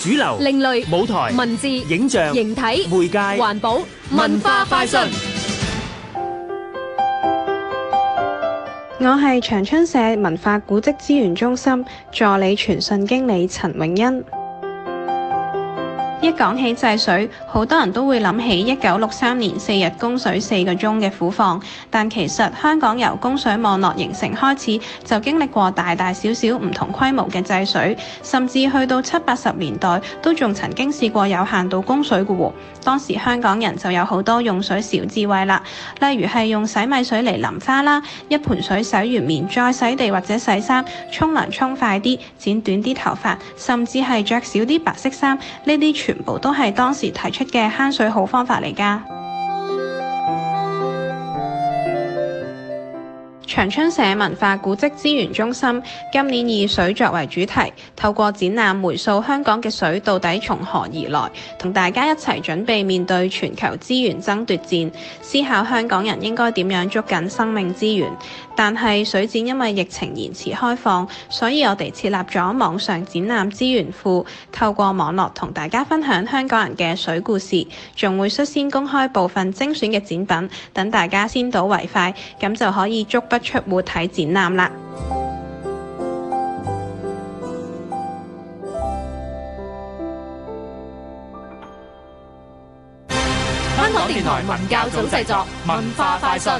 主流，另類，舞台，文字，影像，形體，媒介，環保，一講起制水，好多人都會諗起一九六三年四日供水四個鐘嘅苦況。但其實香港由供水網絡形成開始，就經歷過大大小小唔同規模嘅制水，甚至去到七八十年代都仲曾經試過有限度供水嘅喎。當時香港人就有好多用水小智慧啦，例如係用洗米水嚟淋花啦，一盆水洗完面再洗地或者洗衫，沖涼沖快啲，剪短啲頭髮，甚至係着少啲白色衫呢啲。這些全部都係當時提出嘅慳水好方法嚟㗎。長春社文化古蹟資源中心今年以水作為主題，透過展覽回溯香港嘅水到底從何而來，同大家一齊準備面對全球資源爭奪戰，思考香港人應該點樣捉緊生命資源。但係水展因為疫情延遲開放，所以我哋設立咗網上展覽資源庫，透過網絡同大家分享香港人嘅水故事，仲會率先公開部分精選嘅展品，等大家先睹為快。咁就可以捉不。出門睇展覽啦！香港電台文教組製作文化快訊。